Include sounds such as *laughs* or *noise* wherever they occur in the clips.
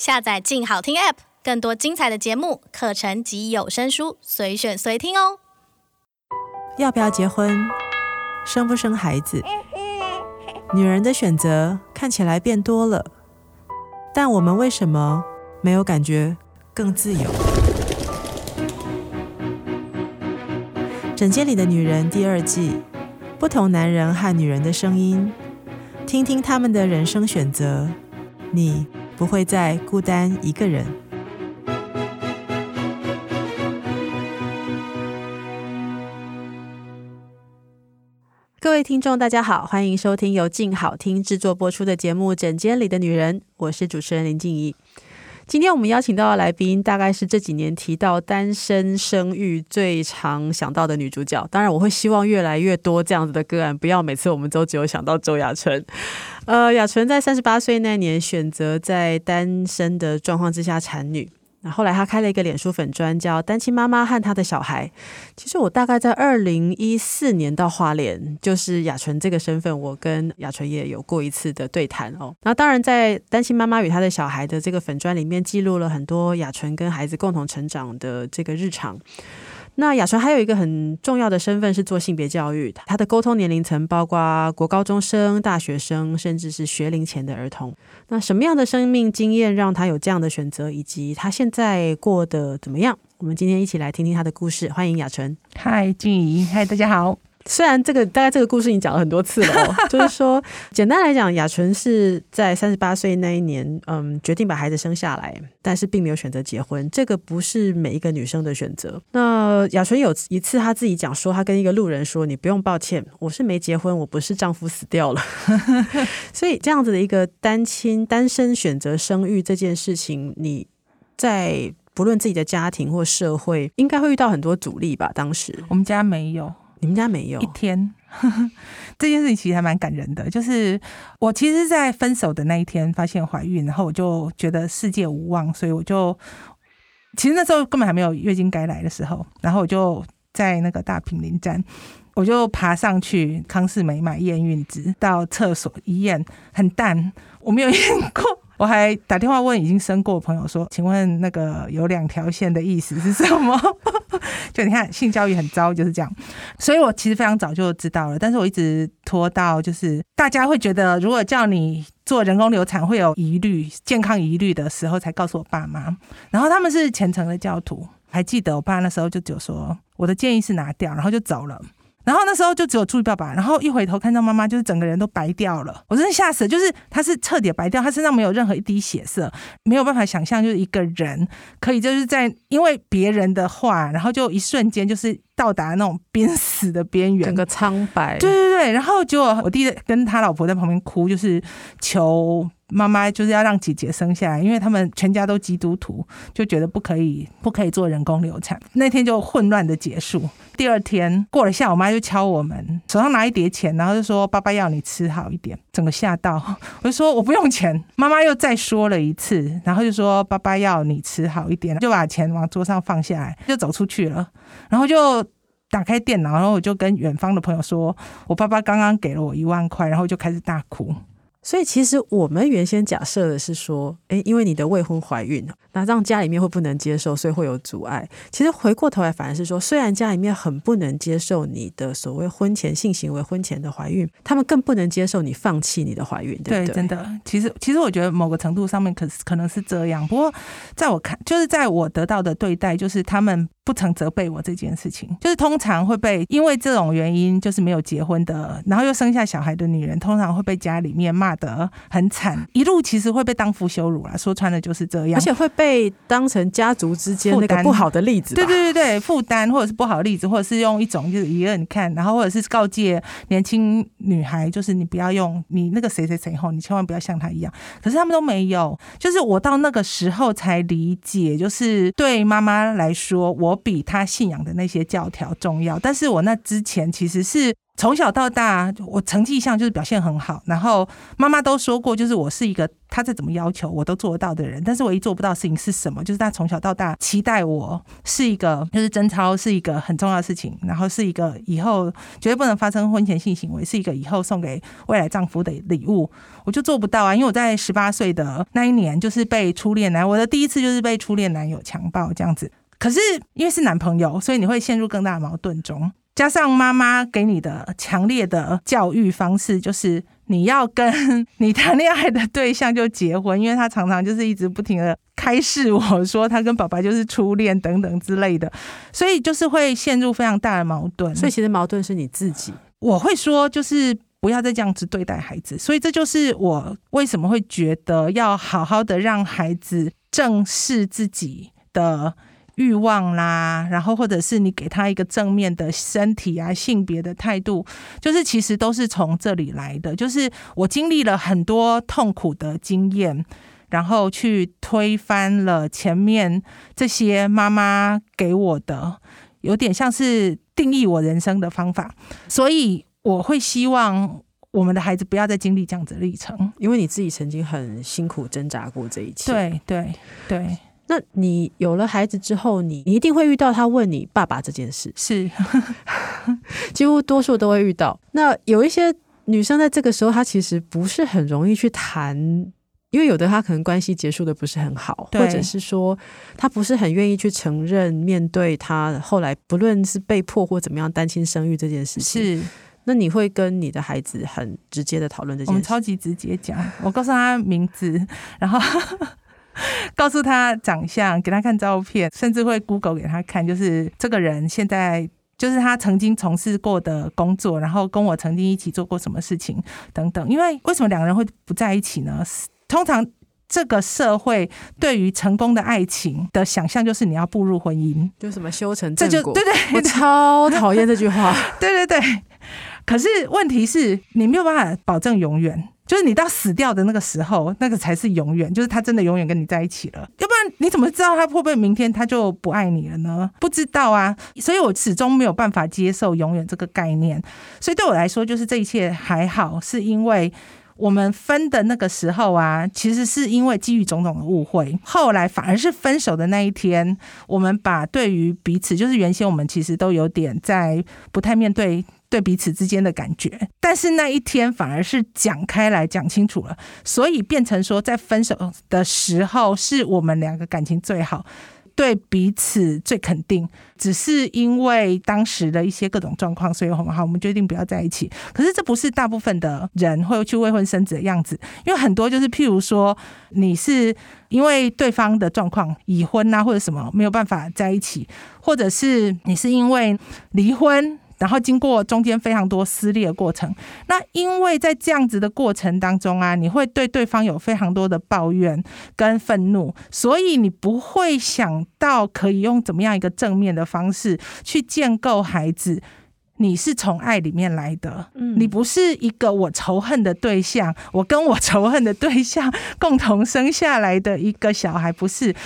下載“靜好聽 ”App，更多精彩的節目、課程及有聲書，隨選隨聽哦。要不要結婚？生不生孩子？女人的選擇看起來變多了，但我們為什麼沒有感覺更自由？《診間裡的女人》第二季，不同男人和女人的聲音，聽聽他們的人生選擇，你不會再孤單一個人。各位聽眾，大家好，歡迎收聽由靜好聽制作播出的節目《診間裡的女人》，我是主持人林靜儀。今天我們邀請到的來賓，大概是這幾年提到單身生育最常想到的女主角。當然，我會希望越來越多這樣子的個案，不要每次我們都只有想到周雅淳。呃，雅純在三十八歲那年選擇在單身的狀況之下產女。那後，後來她開了一個臉書粉專，叫“單親媽媽和她的小孩”。其實我大概在二零一四年到花蓮，就是雅純這個身份，我跟雅純也有過一次的對談哦。然後當然在“單親媽媽與她的小孩”的這個粉專裡面，記錄了很多雅純跟孩子共同成長的這個日常。那雅淳還有一個很重要的身份是做性別教育，他的溝通年齡層包括國高中生、大學生，甚至是學齡前的兒童。那什麼樣的生命經驗讓他有這樣的選擇，以及他現在過得怎麼樣？我們今天一起來聽聽他的故事。歡迎雅淳。嗨，靜儀，嗨，大家好。雖然這個大概這個故事你講了很多次了喔， *laughs* 就是說，簡單來講，雅淳是在三十八歲那一年，嗯，決定把孩子生下來，但是並沒有選擇結婚。這個不是每一個女生的選擇。那雅淳有一次她自己講說，她跟一個路人說：“你不用抱歉，我是沒結婚，我不是丈夫死掉了。” *laughs* 所以這樣子的一個單親單身選擇生育這件事情，你在不論自己的家庭或社會，應該會遇到很多阻力吧？當時我們家沒有。你們家沒有一天呵呵，這件事情其實還蠻感人的。就是我其實，在分手的那一天發現懷孕，然後我就覺得世界無望，所以我就其實那時候根本還沒有月經該來的時候，然後我就在那個大坪林站，我就爬上去康是美買驗孕紙，到廁所一驗，很淡，我沒有驗過。我還打電話問已經生過的朋友說：“請問那個有兩條線的意思是什麼？” *laughs* 就你看性教育很糟，就是這樣。所以我其實非常早就知道了，但是我一直拖到就是大家會覺得如果叫你做人工流產會有疑慮、健康疑慮的時候，才告訴我爸媽。然後他們是虔誠的教徒，還記得我爸那時候就就說我的建議是拿掉，然後就走了。然後那時候就只有注意爸爸，然後一回頭看到媽媽，就是整個人都白掉了，我真的嚇死了。就是他是徹底白掉，他身上沒有任何一滴血色，沒有辦法想象，就是一個人可以就是在因為別人的話，然後就一瞬間就是到達那種瀕死的邊緣，整個蒼白。對對對，然後就我弟跟他老婆在旁邊哭，就是求。媽媽就是要讓姐姐生下來，因為他們全家都基督徒，就覺得不可以，不可以做人工流產。那天就混亂的結束。第二天過了下午，我媽就敲我門，手上拿一疊錢，然後就說：“爸爸要你吃好一點。”整個嚇到，我就說：“我不用錢。”媽媽又再說了一次，然後就說：“爸爸要你吃好一點。”就把錢往桌上放下來，就走出去了。然後就打開電腦，然後我就跟遠方的朋友說：“我爸爸剛剛給了我一萬塊。”然後就開始大哭。所以其實我們原先假設的是說，誒，因為你的未婚懷孕，那讓家裡面會不能接受，所以會有阻礙。其實回過頭來反而是說，雖然家裡面很不能接受你的所謂婚前性行為、婚前的懷孕，他們更不能接受你放棄你的懷孕，對不對？對，真的。其實其實我覺得某個程度上面可可能是這樣，不過在我看，就是在我得到的對待，就是他們。不曾責備我這件事情，就是通常會被因為這種原因，就是沒有結婚的，然後又生下小孩的女人，通常會被家裡面罵得很慘，一路其實會被當父羞辱了，說穿了就是這樣，而且會被當成家族之間那個不好的例子。對對對對，負擔或者是不好的例子，或者是用一種就是一個，你看，然後或者是告誡年輕女孩，就是你不要用你那個誰誰誰，以後你千萬不要像她一樣。可是他們都沒有，就是我到那個時候才理解，就是對媽媽來說，我，我比他信仰的那些教條重要，但是我那之前其實是從小到大，我成績上就是表現很好，然後媽媽都說過，就是我是一個，他再怎麼要求我都做得到的人。但是唯一做不到的事情是什麼？就是他從小到大期待我是一個，就是貞操是一個很重要的事情，然後是一個以後絕對不能發生婚前性行為，是一個以後送給未來丈夫的禮物，我就做不到啊！因為我在十八歲的那一年，就是被初戀男，我的第一次就是被初戀男友強暴這樣子。可是因為是男朋友，所以你會陷入更大的矛盾中。加上媽媽給你的強烈的教育方式，就是你要跟你談戀愛的對象就結婚，因為他常常就是一直不停地開示我，說他跟爸爸就是初戀等等之類的，所以就是會陷入非常大的矛盾。所以其實矛盾是你自己。我會說，就是不要再這樣子對待孩子。所以這就是我為什麼會覺得要好好的讓孩子正視自己的。慾望啦，然後或者是你給他一個正面的身體啊，性別的態度，就是其實都是從這裡來的。就是我經歷了很多痛苦的經驗，然後去推翻了前面這些媽媽給我的，有點像是定義我人生的方法。所以我會希望我們的孩子不要再經歷這樣的歷程，因為你自己曾經很辛苦掙扎過這一切。對對對。對對那你有了孩子之後，你一定會遇到他問你爸爸這件事，是 *laughs* 幾乎多數都會遇到。那有一些女生在這個時候，她其實不是很容易去談，因為有的她可能關係結束得不是很好，對或者是說她不是很願意去承認面對她後來不論是被迫或怎麼樣單親生育這件事情。是。那你會跟你的孩子很直接的討論這件事。我們超級直接講，我告訴他名字，然後。 *laughs* 告訴他長相，給他看照片，甚至會 Google 給他看，就是這個人現在就是他曾經從事過的工作，然後跟我曾經一起做過什麼事情等等。因為為什麼兩個人會不在一起呢？通常這個社會對於成功的愛情的想象就是你要步入婚姻，就什麼修成正果。這就對，對對，我超討厭這句話。 *laughs* 對對對，可是問題是你沒有辦法保證永遠。就是你到死掉的那個時候，那個才是永遠。就是他真的永遠跟你在一起了，要不然你怎麼知道他會不會明天他就不愛你了呢？不知道啊，所以我始終沒有辦法接受永遠這個概念。所以對我來說，就是這一切還好，是因為。我們分的那個時候啊，其實是因為基於種種的誤會，後來反而是分手的那一天，我們把對於彼此，就是原先我們其實都有點在不太面對對彼此之間的感覺，但是那一天反而是講開來講清楚了，所以變成說在分手的時候是我們兩個感情最好，對彼此最肯定。只是因為當時的一些各種狀況，所以我們好，我們決定不要在一起。可是這不是大部分的人會去未婚生子的樣子，因為很多就是譬如說，你是因為對方的狀況，已婚啊，或者什麼，沒有辦法在一起，或者是你是因為離婚。然後經過中間非常多撕裂的過程，那因為在這樣子的過程當中啊，你會對對方有非常多的抱怨跟憤怒，所以你不會想到可以用怎麼樣一個正面的方式去建構孩子。你是從愛裡面來的，嗯、你不是一個我仇恨的對象，我跟我仇恨的對象共同生下來的一個小孩，不是。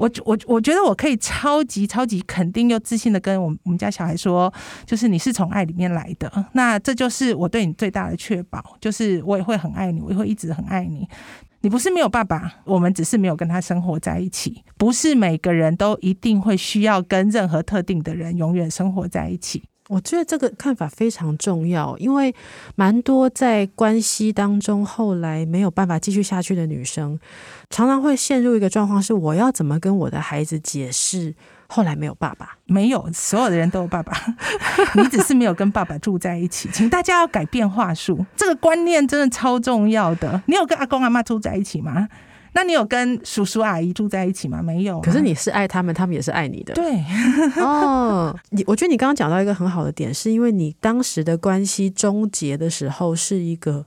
我我我覺得我可以超級超級肯定又自信的跟我們我們家小孩說，就是你是從愛裡面來的，那這就是我對你最大的確保，就是我也會很愛你，我也會一直很愛你。你不是沒有爸爸，我們只是沒有跟他生活在一起。不是每個人都一定會需要跟任何特定的人永遠生活在一起。我覺得這個看法非常重要，因為蠻多在關係當中後來沒有辦法繼續下去的女生，常常會陷入一個狀況是：我要怎麼跟我的孩子解釋後來沒有爸爸？沒有，所有的人都有爸爸， *laughs* 你只是沒有跟爸爸住在一起。 *laughs* 請大家要改變話術，這個觀念真的超重要的。你有跟阿公阿嬤住在一起嗎？那你有跟叔叔阿姨住在一起嗎？沒有啊。可是你是愛他們，他們也是愛你的。對。 *laughs* 哦，你我覺得你剛剛講到一個很好的點，是因為你當時的關係終結的時候，是一個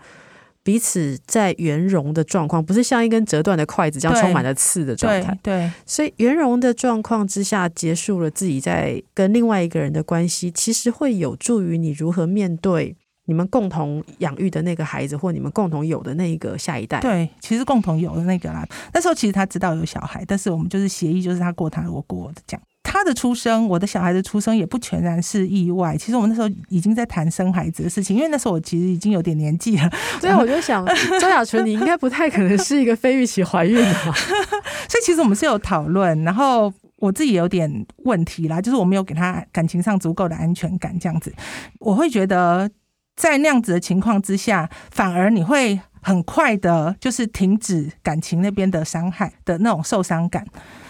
彼此在圓融的狀況，不是像一根折斷的筷子這樣充滿了刺的狀態。對。所以圓融的狀況之下結束了自己在跟另外一個人的關係，其實會有助於你如何面對。你們共同養育的那個孩子，或你們共同有的那個下一代。啊。對，其實共同有的那個啦。那時候其實他知道有小孩，但是我們就是協議，就是他過他，我過我的這樣。他的出生，我的小孩的出生，也不全然是意外。其實我們那時候已經在談生孩子的事情，因為那時候我其實已經有點年紀了。所以、啊、後我就想，周雅 *laughs* 淳，你應該不太可能是一個非預期懷孕吧？ *laughs* 所以其實我們是有討論，然後我自己也有點問題啦，就是我沒有給他感情上足夠的安全感，這樣子，我會覺得。在那樣子的情況之下，反而你會很快的，就是停止感情那邊的傷害的那種受傷感，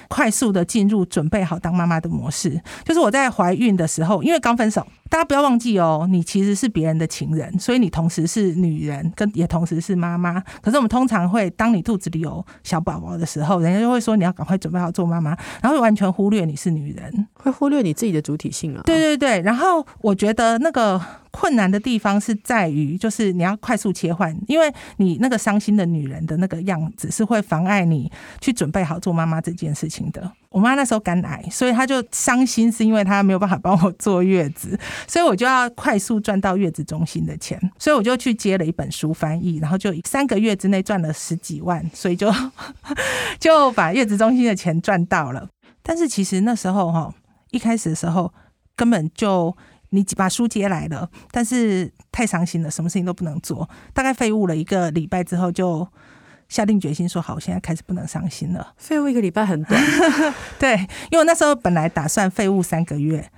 快速的進入準備好當媽媽的模式。就是我在懷孕的時候，因為剛分手。大家不要忘記哦，你其實是別人的情人，所以你同時是女人，跟也同時是媽媽。可是我們通常會當你肚子裡有小寶寶的時候，人家就會說你要趕快準備好做媽媽，然後完全忽略你是女人，會忽略你自己的主體性了啊。對對對，然後我覺得那個困難的地方是在於，就是你要快速切換，因為你那個傷心的女人的那個樣子是會妨礙你去準備好做媽媽這件事情的。我媽那時候肝癌，所以她就傷心，是因為她沒有辦法幫我坐月子，所以我就要快速賺到月子中心的錢，所以我就去接了一本書翻譯，然後就三個月之內賺了十幾萬，所以就 *laughs* 就把月子中心的錢賺到了。但是其實那時候哈，一開始的時候根本就你把書接來了，但是太傷心了，什麼事情都不能做，大概廢物了一個禮拜之後就。下定決心說好，我現在開始不能傷心了。廢物一個禮拜很短， *laughs* 對，因為我那時候本來打算廢物三個月，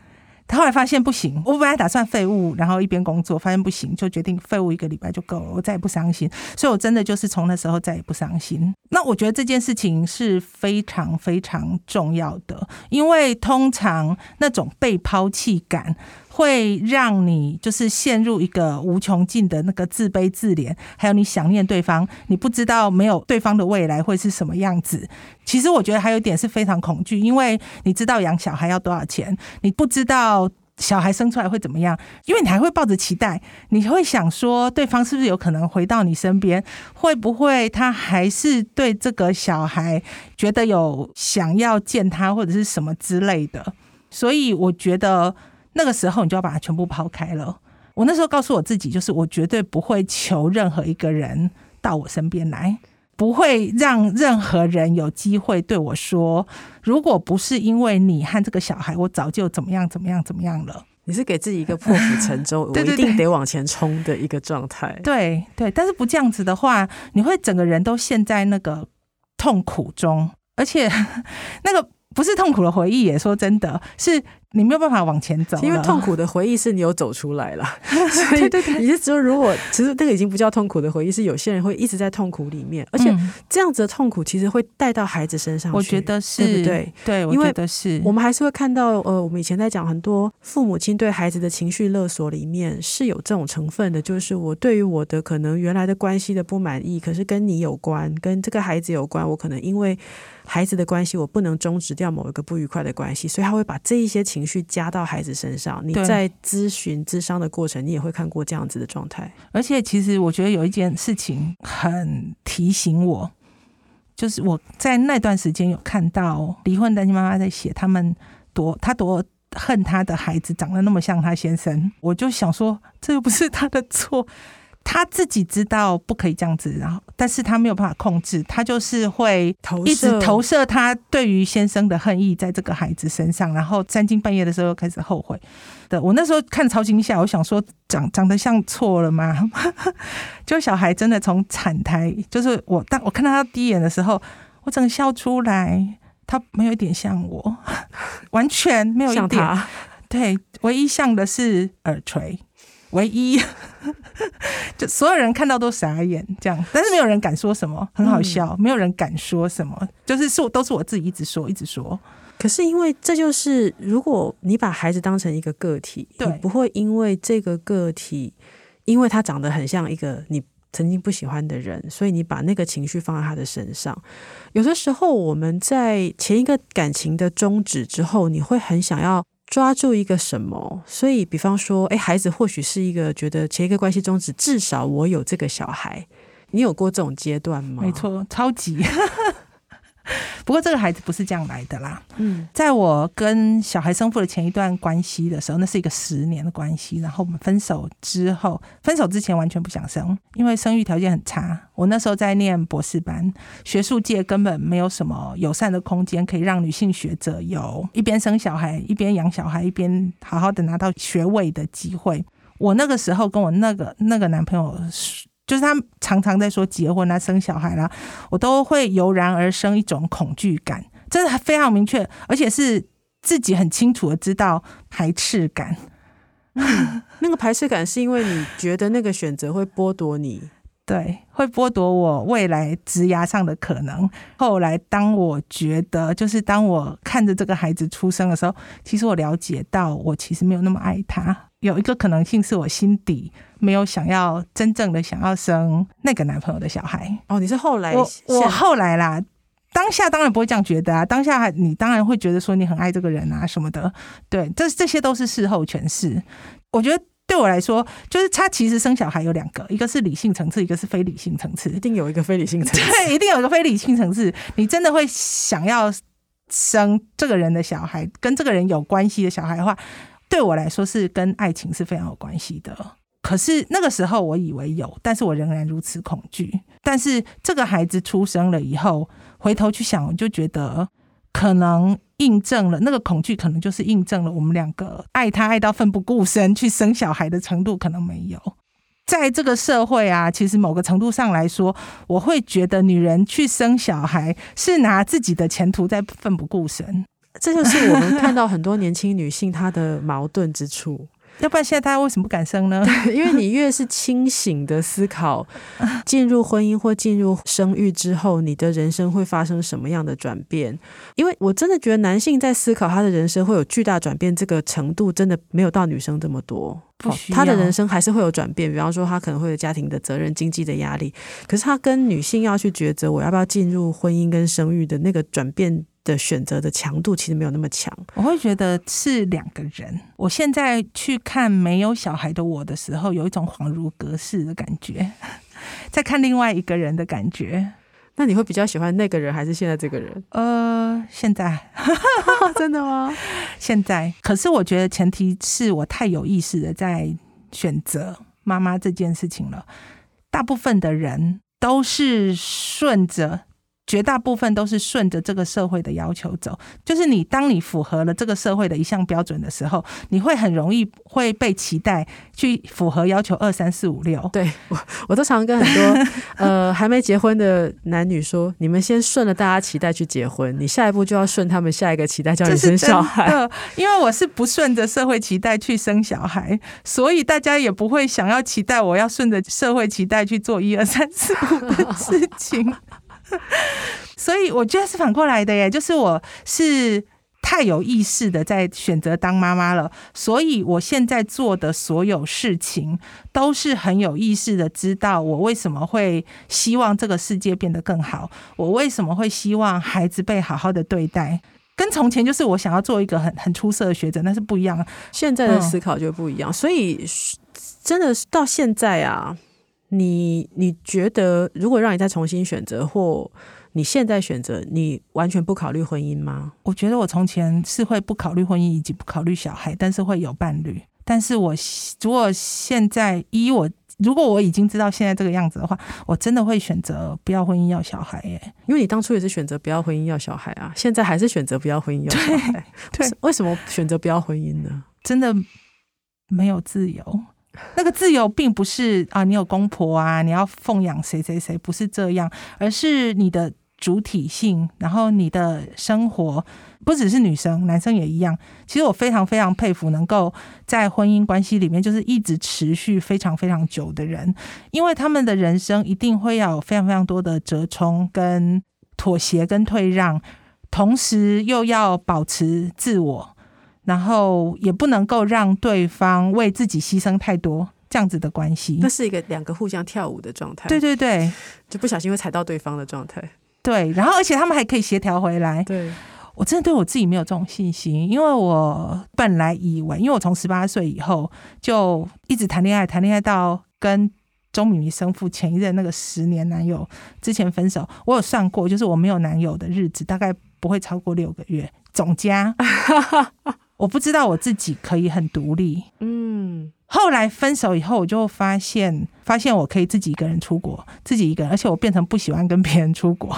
他後來發現不行。我本來打算廢物，然後一邊工作，發現不行，就決定廢物一個禮拜就夠了。我再也不傷心，所以我真的就是從那時候再也不傷心。那我覺得這件事情是非常非常重要的，因為通常那種被拋棄感。會讓你就是陷入一個無窮盡的那個自卑自憐，還有你想念對方，你不知道沒有對方的未來會是什麼樣子。其實我覺得還有一點是非常恐懼，因為你知道養小孩要多少錢，你不知道小孩生出來會怎麼樣，因為你還會抱着期待，你會想說對方是不是有可能回到你身邊，會不會他還是對這個小孩覺得有想要見他或者是什麼之類的。所以我覺得。那個時候，你就要把它全部拋開了。我那時候告訴我自己，就是我絕對不會求任何一個人到我身邊來，不會讓任何人有機會對我說，如果不是因為你和這個小孩，我早就怎麼樣怎麼樣怎麼樣了。你是給自己一個破釜沉舟， *laughs* 對對對，我一定得往前衝的一個狀態。對對，但是不這樣子的話，你會整個人都陷在那個痛苦中，而且那個不是痛苦的回憶。也說真的，是。你沒有辦法往前走，因為痛苦的回憶是你有走出來了。 *laughs* 所以 *laughs* 對，對，對，你就說，如果其實這個已經不叫痛苦的回憶，是有些人會一直在痛苦裡面，而且這樣子的痛苦其實會帶到孩子身上去。我覺得是對不對？對，我覺得是我們還是會看到，呃，我們以前在講很多父母親對孩子的情緒勒索裡面是有這種成分的，就是我對於我的可能原來的關係的不滿意，可是跟你有關，跟這個孩子有關，我可能因為孩子的關係，我不能終止掉某一個不愉快的關係，所以他會把這一些情去加到孩子身上，你在諮詢諮商的過程，對你也會看過這樣子的狀態。而且，其實我覺得有一件事情很提醒我，就是我在那段時間有看到離婚單親媽媽在寫，他們多他多恨他的孩子長得那麼像他先生。我就想說，這又不是他的錯。他自己知道不可以這樣子，然後但是他沒有辦法控制，他就是會一直投射他對於先生的恨意在這個孩子身上，然後三更半夜的時候又開始後悔。對，我那時候看超驚嚇，我想說長長得像錯了嗎？ *laughs* 就小孩真的從產台，就是我當我看到他第一眼的時候，我整個笑出來，他沒有一點像我，完全沒有一點，他對，唯一像的是耳垂。唯一， *laughs* 就所有人看到都傻眼，這樣，但是沒有人敢說什麼，很好笑，嗯、沒有人敢說什麼，就是是我都是我自己一直說，一直說。可是因為這就是，如果你把孩子當成一個個體，對你不會因為這個個體，因為他長得很像一個你曾經不喜歡的人，所以你把那個情緒放在他的身上。有的時候，我們在前一個感情的終止之後，你會很想要。抓住一個什麼？所以，比方說，誒，孩子或許是一個覺得前一個關係中止，至少我有這個小孩。你有過這種階段嗎？沒錯，超級。 *laughs* 不過這個孩子不是這樣來的啦。嗯，在我跟小孩生父的前一段關係的時候，那是一個十年的關係。然後我們分手之後，分手之前完全不想生，因為生育條件很差。我那時候在念博士班，學術界根本沒有什麼友善的空間，可以讓女性學者有一邊生小孩、一邊養小孩、一邊好好的拿到學位的機會。我那個時候跟我那個那個男朋友就是他常常在說結婚啦、生小孩啦，我都會油然而生一種恐懼感，真的非常明確，而且是自己很清楚的知道排斥感。嗯、那個排斥感是因為你覺得那個選擇會剝奪你， *laughs* 對，會剝奪我未來職涯上的可能。後來，當我覺得，就是當我看着這個孩子出生的時候，其實我了解到，我其實沒有那麼愛他。有一個可能性是我心底沒有想要真正的想要生那個男朋友的小孩哦。你是後來我，我後來啦，當下當然不會這樣覺得啊，當下你當然會覺得說，你很愛這個人啊什麼的，對，這這些都是事後詮釋。我覺得對我來說，就是他其實生小孩有兩個，一個是理性層次，一個是非理性層次，一定有一個非理性層次， *laughs* 對，一定有一個非理性層次，你真的會想要生這個人的小孩，跟這個人有關係的小孩的話。對我來說是跟愛情是非常有關係的，可是那個時候我以為有，但是我仍然如此恐懼。但是這個孩子出生了以後，回頭去想，我就覺得可能印證了那個恐懼，可能就是印證了我們兩個愛他愛到奮不顧身去生小孩的程度可能沒有。在這個社會啊，其實某個程度上來說，我會覺得女人去生小孩是拿自己的前途在奮不顧身。這就是我們看到很多年輕女性她的矛盾之處。 *laughs* 要不然現在大家為什麼不敢生呢？因為你越是清醒的思考，進入婚姻或進入生育之後，你的人生會發生什麼樣的轉變？因為我真的覺得男性在思考他的人生會有巨大轉變，這個程度真的沒有到女生這麼多。哦、他的人生還是會有轉變，比方說他可能會有家庭的責任、經濟的壓力。可是他跟女性要去抉擇，我要不要進入婚姻跟生育的那個轉變。的選擇的強度其實沒有那麼強，我會覺得是兩個人。我現在去看沒有小孩的我的時候，有一種恍如隔世的感覺，在看另外一個人的感覺。那你會比較喜歡那個人還是現在這個人？呃，現在， *laughs* 真的嗎？現在，可是我覺得前提是我太有意識的在選擇媽媽這件事情了。大部分的人都是順着。絕大部分都是順着這個社會的要求走，就是你當你符合了這個社會的一項標準的時候，你會很容易會被期待去符合要求二三四五六。對，我，我都常跟很多呃還沒結婚的男女說， *laughs* 你們先順着大家期待去結婚，你下一步就要順他們下一個期待叫你生小孩。因為我是不順着社會期待去生小孩，所以大家也不會想要期待我要順着社會期待去做一二三四五的事情。 *laughs* *laughs* 所以我覺得是反過來的耶，就是我是太有意識的在選擇當媽媽了，所以我現在做的所有事情都是很有意識的，知道我為什麼會希望這個世界變得更好，我為什麼會希望孩子被好好的對待，跟從前就是我想要做一個很很出色的學者，那是不一樣的，現在的思考就不一樣，嗯，所以真的是到現在啊。你你覺得，如果讓你再重新選擇，或你現在選擇，你完全不考慮婚姻嗎？我覺得我從前是會不考慮婚姻，以及不考慮小孩，但是會有伴侶。但是我，我如果現在依我，如果我已經知道現在這個樣子的話，我真的會選擇不要婚姻，要小孩耶。因為你當初也是選擇不要婚姻，要小孩啊，現在還是選擇不要婚姻，要小孩。對，對，為什麼選擇不要婚姻呢？真的沒有自由。那個自由並不是啊，你有公婆啊，你要奉養誰誰誰，不是這樣，而是你的主體性，然後你的生活不只是女生，男生也一樣。其實我非常非常佩服能夠在婚姻關係裡面就是一直持續非常非常久的人，因為他們的人生一定會要有非常非常多的折衝跟妥協跟退讓，同時又要保持自我。然後也不能夠讓對方為自己犧牲太多，這樣子的關係，那是一個兩個互相跳舞的狀態。對對對，就不小心會踩到對方的狀態。對，然後而且他們還可以協調回來。對，我真的對我自己沒有這種信心，因為我本來以為，因為我從十八歲以後就一直談戀愛，談戀愛到跟周敏生父前一任那個十年男友之前分手，我有算過，就是我沒有男友的日子大概不會超過六個月，總加。 *laughs* 我不知道我自己可以很獨立，嗯。後來分手以後，我就發現，發現我可以自己一個人出國，自己一個人，而且我變成不喜歡跟別人出國，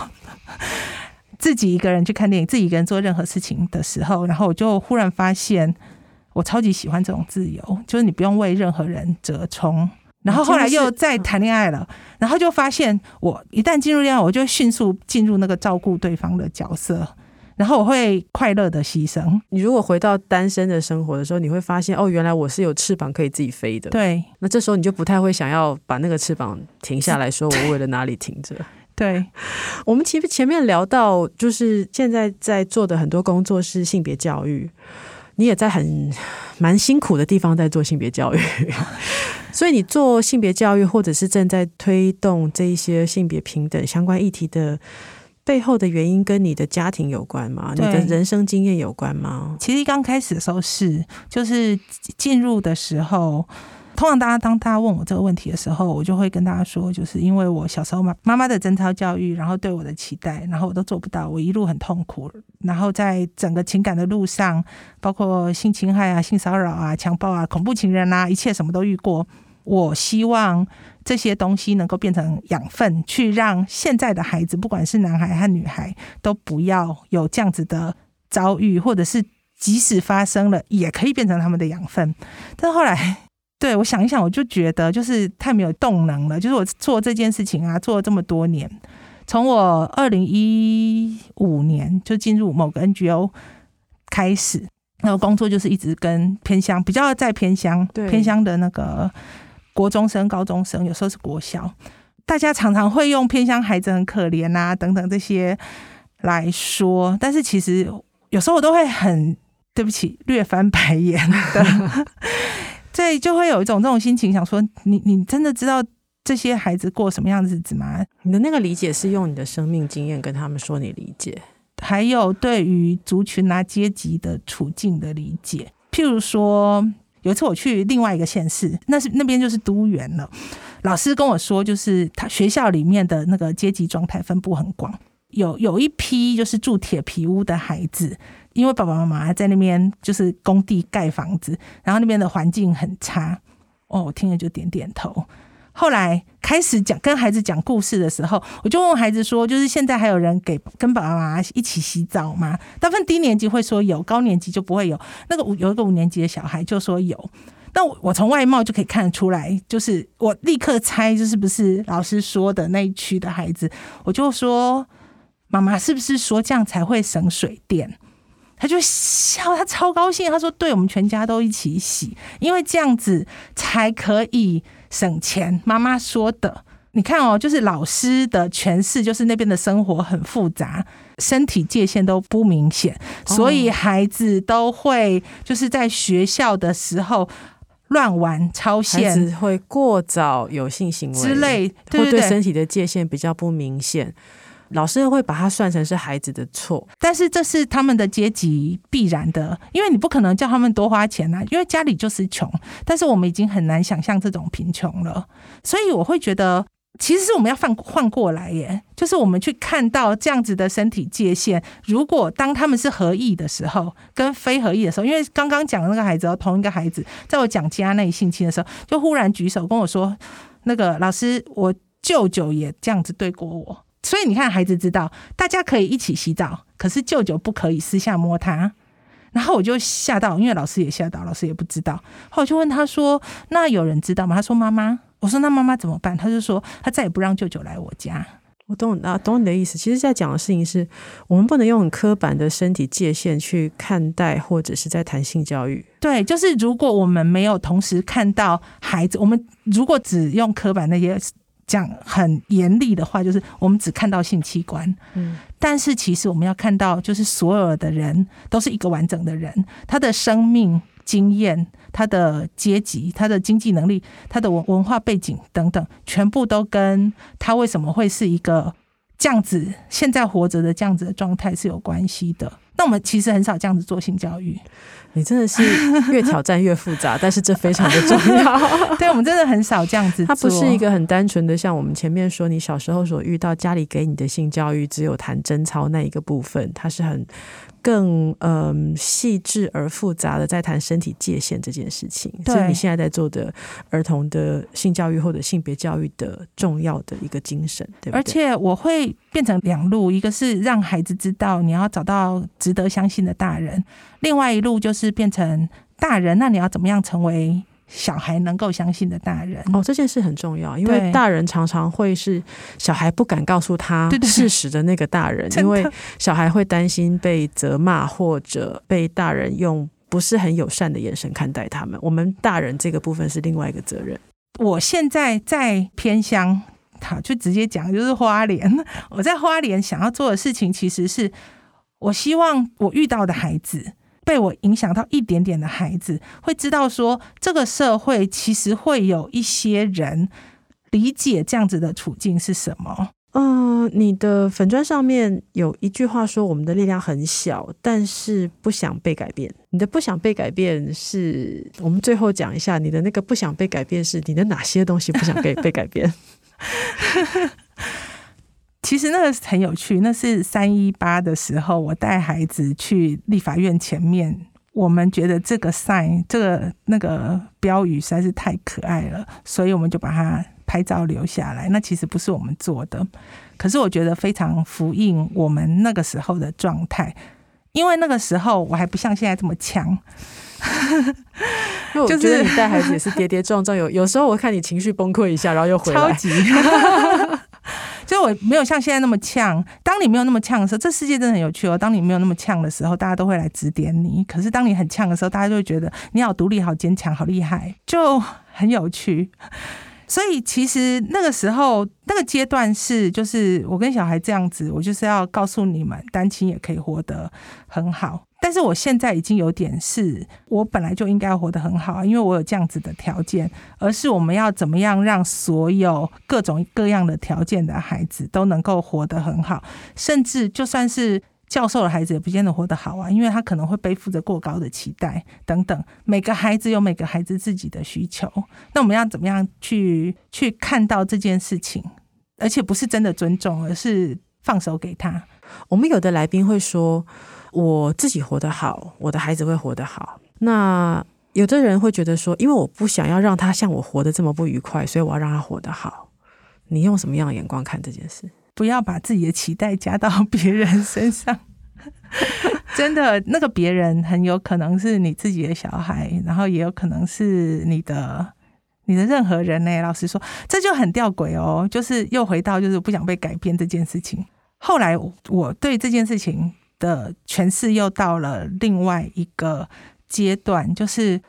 自己一個人去看電影，自己一個人做任何事情的時候，然後我就忽然發現，我超級喜歡這種自由，就是你不用為任何人折衝。然後後來又再談戀愛了，然後就發現我一旦進入戀愛，我就迅速進入那個照顧對方的角色。然後我會快樂的犧牲。你如果回到單身的生活的時候，你會發現哦，原來我是有翅膀可以自己飛的。對，那這時候你就不太會想要把那個翅膀停下來說我為了哪裡停着。 *laughs* 對，我們其實前面聊到，就是現在在做的很多工作是性別教育，你也在很蠻辛苦的地方在做性別教育， *laughs* 所以你做性別教育，或者是正在推動這一些性別平等相關議題的，背後的原因跟你的家庭有關嗎？對你的人生經驗有關嗎？其實剛開始的時候是，就是進入的時候，通常大家當大家問我這個問題的時候，我就會跟大家說，就是因為我小時候媽媽媽的貞操教育，然後對我的期待，然後我都做不到，我一路很痛苦，然後在整個情感的路上，包括性侵害啊、性騷擾啊、強暴啊、恐怖情人啊，一切什麼都遇過。我希望這些東西能夠變成養分，去讓現在的孩子，不管是男孩和女孩，都不要有這樣子的遭遇，或者是即使發生了，也可以變成他們的養分。但後來，對，我想一想，我就覺得就是太沒有動能了。就是我做這件事情啊，做了這麼多年，從我二零一五年就進入某個 NGO 開始，然後工作就是一直跟偏鄉，比較在偏鄉，對偏鄉的那個。國中生、高中生，有時候是國小，大家常常會用偏鄉孩子很可憐啊等等這些來說，但是其實有時候我都會很對不起，略翻白眼的， *laughs* 所以就會有一種這種心情，想說你你真的知道這些孩子過什麼樣的日子嗎？你的那個理解是用你的生命經驗跟他們說你理解，還有對於族群啊階級的處境的理解，譬如說。有一次我去另外一個縣市，那是那邊就是都園了。老師跟我說，就是他學校裡面的那個階級狀態分布很廣，有有一批就是住鐵皮屋的孩子，因為爸爸媽媽在那邊就是工地蓋房子，然後那邊的環境很差。哦，我聽了就點點頭。後來開始講跟孩子講故事的時候，我就問孩子說：“就是現在還有人給跟爸爸媽媽一起洗澡嗎？”大部分低年級會說有，高年級就不會有。那個五有一個五年級的小孩就說有，那我，我從外貌就可以看得出來，就是我立刻猜就是不是老師說的那一區的孩子。我就說：“媽媽是不是說這樣才會省水電？”他就笑，他超高興，他說：“對，我們全家都一起洗，因為這樣子才可以。”省錢，媽媽說的。你看哦，就是老師的詮釋，就是那邊的生活很複雜，身體界限都不明顯，哦、所以孩子都會就是在學校的時候亂玩、超限，孩子會過早有性行為之類，會對,對,對,對身體的界限比較不明顯。老師會把它算成是孩子的錯，但是這是他們的階級必然的，因為你不可能叫他們多花錢啊，因為家裡就是窮。但是我們已經很難想象這種貧窮了，所以我會覺得，其實是我們要換換過來耶，就是我們去看到這樣子的身體界限。如果當他們是合意的時候，跟非合意的時候，因為剛剛講的那個孩子，同一個孩子，在我講家內性侵的時候，就忽然舉手跟我說：“那個老師，我舅舅也這樣子對過我。”所以你看，孩子知道大家可以一起洗澡，可是舅舅不可以私下摸他。然後我就嚇到，因為老師也嚇到，老師也不知道。然後我就問他說：“那有人知道嗎？”他說：“媽媽。”我說：“那媽媽怎麼辦？”他就說：“他再也不讓舅舅來我家。”我懂，啊，懂你的意思。其實，在講的事情是，我們不能用很刻板的身體界限去看待，或者是在談性教育。對，就是如果我們沒有同時看到孩子，我們如果只用刻板那些。講很嚴厲的話，就是我們只看到性器官，嗯，但是其實我們要看到，就是所有的人都是一個完整的人，他的生命經驗、他的階級、他的經濟能力、他的文文化背景等等，全部都跟他為什麼會是一個這樣子，現在活着的這樣子的狀態是有關係的。那我們其實很少這樣子做性教育。你真的是越挑戰越複雜， *laughs* 但是這非常的重要 *laughs* 對，我們真的很少這樣子做。它不是一個很單純的，像我們前面說，你小時候所遇到家裡給你的性教育，只有談貞操那一個部分，它是很，更，嗯，細緻而複雜的在談身體界限，這件事情，對。所以你現在在做的兒童的性教育或者性別教育的重要的一個精神，對，對。而且我會變成兩路，一個是讓孩子知道你要找到值得相信的大人，另外一路就是變成大人，那你要怎麼樣成為？小孩能夠相信的大人哦，這件事很重要，因為大人常常會是小孩不敢告訴他事實的那個大人，對對對，因為小孩會擔心被責罵或者被大人用不是很友善的眼神看待他們。我們大人這個部分是另外一個責任。我現在在偏鄉，他，就直接講，就是花蓮。 *laughs* 我在花蓮想要做的事情，其實是我希望我遇到的孩子。被我影響到一點點的孩子，會知道說這個社會其實會有一些人理解這樣子的處境是什麼。嗯、呃，你的粉專上面有一句話說：“我們的力量很小，但是不想被改變。”你的不想被改變是我們最後講一下你的那個不想被改變是你的哪些東西不想被被改變？ *laughs* *laughs* 其實那個很有趣，那是三一八的時候，我帶孩子去立法院前面，我們覺得這個 sign 這個那個標語實在是太可愛了，所以我們就把它拍照留下來。那其實不是我們做的，可是我覺得非常呼應我們那個時候的狀態，因為那個時候我還不像現在這麼強。 *laughs* 就是因為我覺得你帶孩子也是跌跌撞撞，有有時候我看你情緒崩潰一下，然後又回來。超級 *laughs* 所以我沒有像現在那麼嗆。當你沒有那麼嗆的時候，這世界真的很有趣哦。當你沒有那麼嗆的時候，大家都會來指點你。可是當你很嗆的時候，大家就會覺得你好獨立、好堅強、好厲害，就很有趣。所以其實那個時候那個階段是，就是我跟小孩這樣子，我就是要告訴你們，單親也可以活得很好。但是我現在已經有點是我本來就應該活得很好啊，因為我有這樣子的條件。而是我們要怎麼樣讓所有各種各樣的條件的孩子都能夠活得很好？甚至就算是教授的孩子也不見得活得好啊，因為他可能會背負着過高的期待等等。每個孩子有每個孩子自己的需求，那我們要怎麼樣去去看到這件事情？而且不是真的尊重，而是放手給他。我們有的來賓會說。我自己活得好，我的孩子會活得好。那有的人會覺得說，因為我不想要讓他像我活得這麼不愉快，所以我要讓他活得好。你用什麼樣的眼光看這件事？不要把自己的期待加到別人身上， *laughs* 真的，那個別人很有可能是你自己的小孩，然後也有可能是你的、你的任何人呢、欸。老實說，這就很吊詭哦，就是又回到就是不想被改變這件事情。後來我對這件事情。的詮釋又到了另外一個階段，就是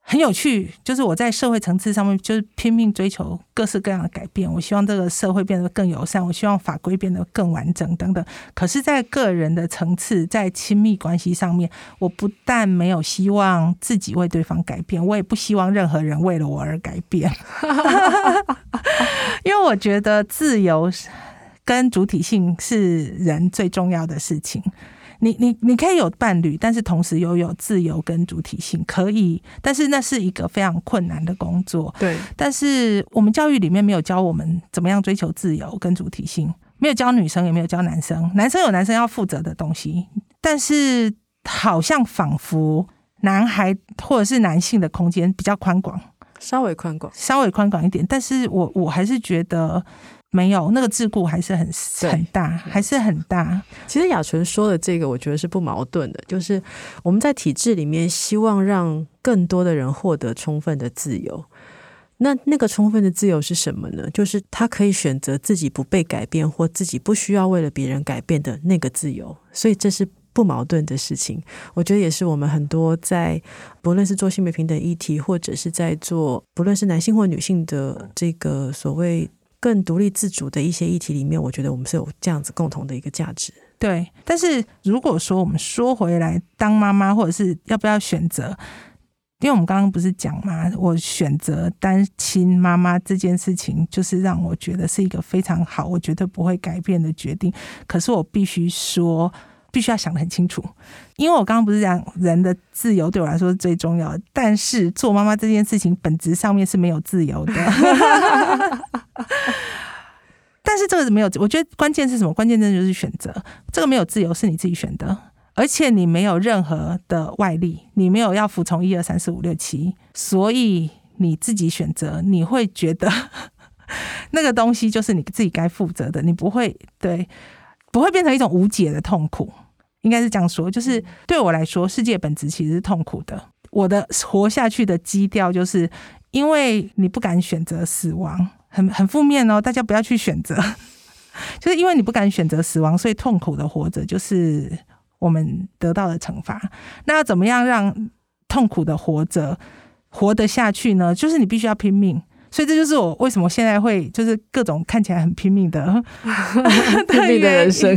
很有趣。就是我在社會層次上面，就是拼命追求各式各樣的改變。我希望這個社會變得更友善，我希望法規變得更完整等等。可是，在個人的層次，在親密關係上面，我不但沒有希望自己為對方改變，我也不希望任何人為了我而改變。 *laughs* 因為我覺得自由是。跟主體性是人最重要的事情。你你你可以有伴侶，但是同時擁有自由跟主體性可以，但是那是一個非常困難的工作。對，但是我們教育裡面沒有教我們怎麼樣追求自由跟主體性，沒有教女生，也沒有教男生。男生有男生要負責的東西，但是好像仿佛男孩或者是男性的空間比較寬廣，稍微寬廣，稍微寬廣一點。但是我我還是覺得。沒有那個桎梏，還是很很大，還是很大。其實雅淳說的這個，我覺得是不矛盾的。就是我們在體製裡面，希望讓更多的人獲得充分的自由。那那個充分的自由是什麼呢？就是他可以選擇自己不被改變，或自己不需要為了別人改變的那個自由。所以這是不矛盾的事情。我覺得也是我們很多在不論是做性別平等議題，或者是在做不論是男性或女性的這個所謂。更獨立自主的一些議題裡面，我覺得我們是有這樣子共同的一個價值。對，但是如果說我們說回來，當媽媽或者是要不要選擇，因為我們剛剛不是講嘛，我選擇單親媽媽這件事情，就是讓我覺得是一個非常好，我絕對不會改變的決定。可是我必須說。必須要想得很清楚，因為我剛剛不是講人的自由對我來說是最重要的，但是做媽媽這件事情本質上面是沒有自由的。 *laughs* 但是這個是沒有，我覺得關鍵是什麼？關鍵真的就是選擇，這個沒有自由是你自己選的，而且你沒有任何的外力，你沒有要服從一二三四五六七，所以你自己選擇，你會覺得 *laughs* 那個東西就是你自己該負責的，你不會，對，不會變成一種無解的痛苦。應該是這樣說，就是對我來說，世界本質其實是痛苦的。我的活下去的基調就是，因為你不敢選擇死亡，很很負面哦。大家不要去選擇， *laughs* 就是因為你不敢選擇死亡，所以痛苦的活着就是我們得到的懲罰。那要怎麼樣讓痛苦的活着活得下去呢？就是你必須要拼命。所以這就是我為什麼現在會就是各種看起來很拼命的對， *laughs* 的人生 *laughs* 對，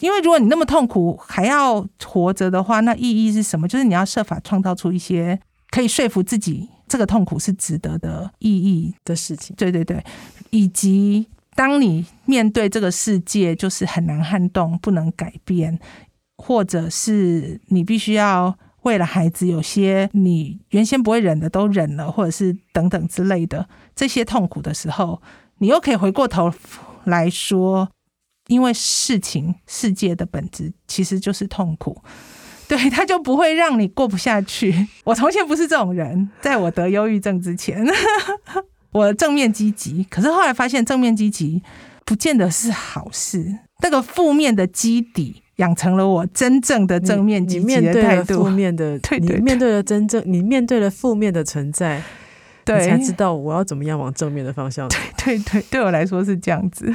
因，因為如果你那麼痛苦還要活着的話，那意義是什麼？就是你要設法創造出一些可以說服自己這個痛苦是值得的意義的事情。對對對，以及當你面對這個世界就是很難撼動、不能改變，或者是你必須要。為了孩子，有些你原先不會忍的都忍了，或者是等等之類的這些痛苦的時候，你又可以回過頭來說，因為事情世界的本質其實就是痛苦，對，他就不會讓你過不下去。 *laughs* 我從前不是這種人，在我得憂鬱症之前， *laughs* 我正面積極，可是後來發現正面積極不見得是好事。那個負面的基底養成了我真正的正面積極的態度。你面對負面的，對對對你面對了真正，你面對了負面的存在，對你才知道我要怎麼樣往正面的方向。對,對對對，對我來說是這樣子。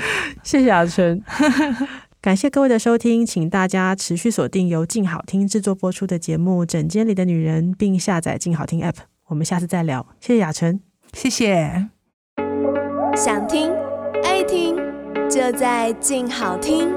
謝謝雅淳， *laughs* 感謝各位的收聽，請大家持續鎖定由靜好聽制作播出的節目《診間裡的女人》，並下載靜好聽 App。我們下次再聊。謝謝雅淳，謝謝。想聽，愛聽。就在靜好聽。